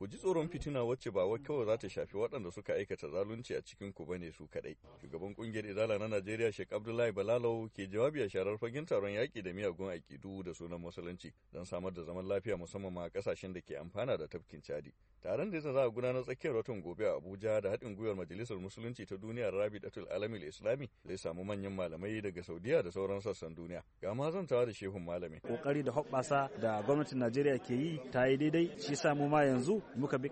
ku ji tsoron fitina wacce ba wai kawai za ta shafi waɗanda suka aikata zalunci a cikin ku bane su kaɗai. Shugaban ƙungiyar Izala na Najeriya Sheikh Abdullahi Balalau ke jawabi a sharar fagen taron yaƙi da miyagun aƙidu da sunan musulunci don samar da zaman lafiya musamman ma ƙasashen da ke amfana da tafkin Chadi. Taron da za a gudanar tsakiyar watan gobe a Abuja da haɗin gwiwar Majalisar Musulunci ta Duniya rabi Rabi'atul Alamil Islami zai samu manyan malamai daga Saudiya da sauran sassan duniya. Ga ma tawa da shehun malami. Kokari da hoɓɓasa da gwamnatin Najeriya ke yi ta yi daidai shi sa mu ma yanzu muka bi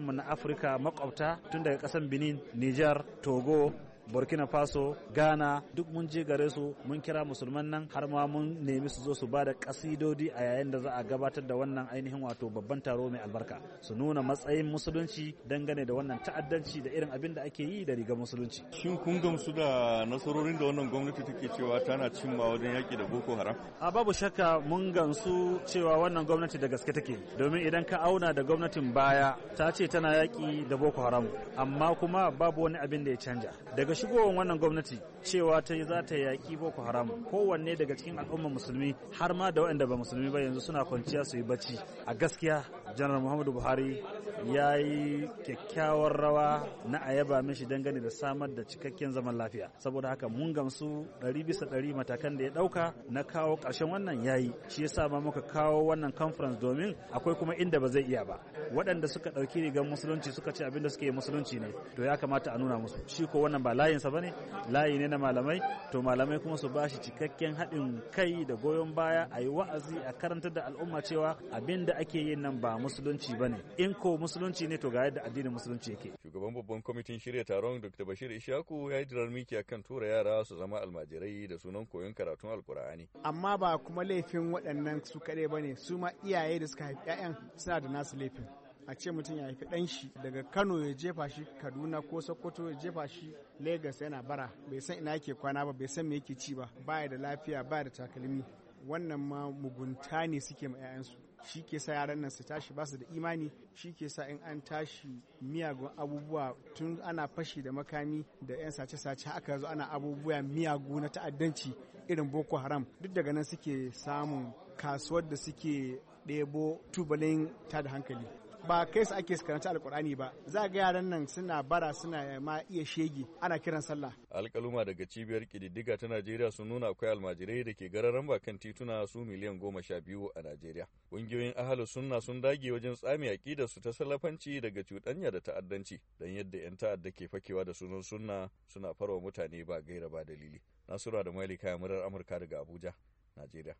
mu na Afirka makwabta tun daga kasan Benin, Niger, Togo, burkina faso ghana duk mun je gare su mun kira musulman nan har ma mun nemi su zo su ba da kasidodi a yayin da za a gabatar da wannan ainihin wato babban taro mai albarka su nuna matsayin musulunci dangane da wannan ta'addanci da irin abin da ake yi da rigar musulunci shin kun gamsu da nasarorin da wannan gwamnati take cewa tana cimma wajen yaki da boko haram a babu shakka mun gamsu cewa wannan gwamnati da gaske take domin idan ka auna da gwamnatin baya ta ce tana yaki da boko haram amma kuma babu wani abin da ya canja daga shigowar wannan gwamnati cewa ta yi za ta yaƙi boko haram kowanne daga cikin al'ummar musulmi har ma da waɗanda ba musulmi ba yanzu suna kwanciya su yi bacci a gaskiya janar muhammadu buhari ya yi kyakkyawar rawa na a yaba mishi dangane da samar da cikakken zaman lafiya saboda haka mun gamsu ɗari bisa ɗari matakan da ya ɗauka na kawo karshen wannan ya yi shi yasa ma muka kawo wannan conference domin akwai kuma inda ba zai iya ba waɗanda suka ɗauki rigar musulunci suka ce abinda suke musulunci ne to ya kamata a nuna musu shi ko wannan ba layinsa ba ne layi ne na malamai to malamai kuma su bashi cikakken haɗin kai da goyon baya a yi wa'azi a karantar da al'umma cewa abinda da ake yin nan ba musulunci ba ne in ko musulunci ne to ga yadda addinin musulunci yake shugaban babban kwamitin shirya taron dr bashir ishaku ya yi jirar miki kan tura yara su zama almajirai da sunan koyon karatun alkur'ani amma ba kuma laifin waɗannan su kaɗai ba ne su ma iyaye da suka haifi 'ya'yan suna da nasu laifin a ce mutum ya haifi ɗan shi daga kano ya jefa shi kaduna ko sokoto ya jefa shi lagos yana bara bai san ina yake kwana ba bai san me yake ci ba baya da lafiya baya da takalmi wannan ma mugunta ne suke ma 'ya'yansu shi ke sa yaran nan su tashi basu da imani shi ke sa in an tashi miyagun abubuwa tun ana fashi da makami da 'yan sace-sace haka zo ana abubuwa miyagu na ta'addanci irin boko haram duk daga nan suke samun kasuwar da suke ɗebo tubalin ta da hankali ba kai su ake karanta alkur'ani ba za ga yaran nan suna bara suna eh, ma iya shege ana kiran sallah alkaluma daga cibiyar kididdiga ta najeriya sun nuna akwai almajirai da ke gararan bakan tituna su miliyan goma sha biyu a najeriya ƙungiyoyin ahalu sunna sun dage wajen tsami aƙidar su ta salafanci daga cuɗanya da ta'addanci don yadda 'yan ta'adda ke fakewa da sunan sunna suna farwa mutane ba gaira ba dalili nasura da mali mailika murar amurka daga abuja najeriya